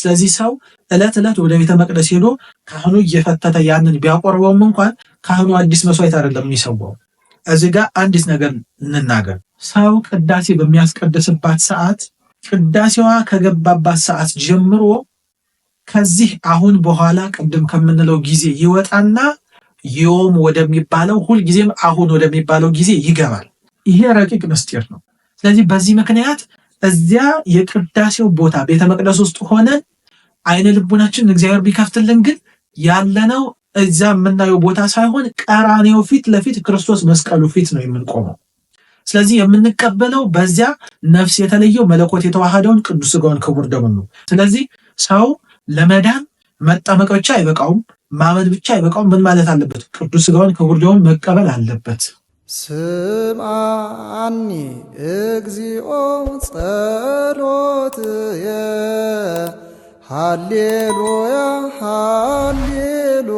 ስለዚህ ሰው እለት እለት ወደ ቤተ መቅደስ ሄዶ ካህኑ እየፈተተ ያንን ቢያቆርበውም እንኳን ካህኑ አዲስ መስዋዕት አይደለም የሚሰዋው። እዚ ጋር አንዲት ነገር እንናገር። ሰው ቅዳሴ በሚያስቀድስባት ሰዓት ቅዳሴዋ ከገባባት ሰዓት ጀምሮ ከዚህ አሁን በኋላ ቅድም ከምንለው ጊዜ ይወጣና ዮም ወደሚባለው ሁልጊዜም አሁን ወደሚባለው ጊዜ ይገባል። ይሄ ረቂቅ ምስጢር ነው። ስለዚህ በዚህ ምክንያት እዚያ የቅዳሴው ቦታ ቤተ መቅደስ ውስጥ ሆነን አይነ ልቡናችን እግዚአብሔር ቢከፍትልን ግን ያለነው እዛ የምናየው ቦታ ሳይሆን ቀራኔው ፊት ለፊት ክርስቶስ መስቀሉ ፊት ነው የምንቆመው። ስለዚህ የምንቀበለው በዚያ ነፍስ የተለየው መለኮት የተዋሃደውን ቅዱስ ሥጋውን ክቡር ደሙን ነው። ስለዚህ ሰው ለመዳን መጠመቅ ብቻ አይበቃውም፣ ማመን ብቻ አይበቃውም። ምን ማለት አለበት? ቅዱስ ሥጋውን ክቡር ደሙን መቀበል አለበት። ስምዐኒ እግዚኦ ጸሎትየ ሃሌሉያ ሃሌሉ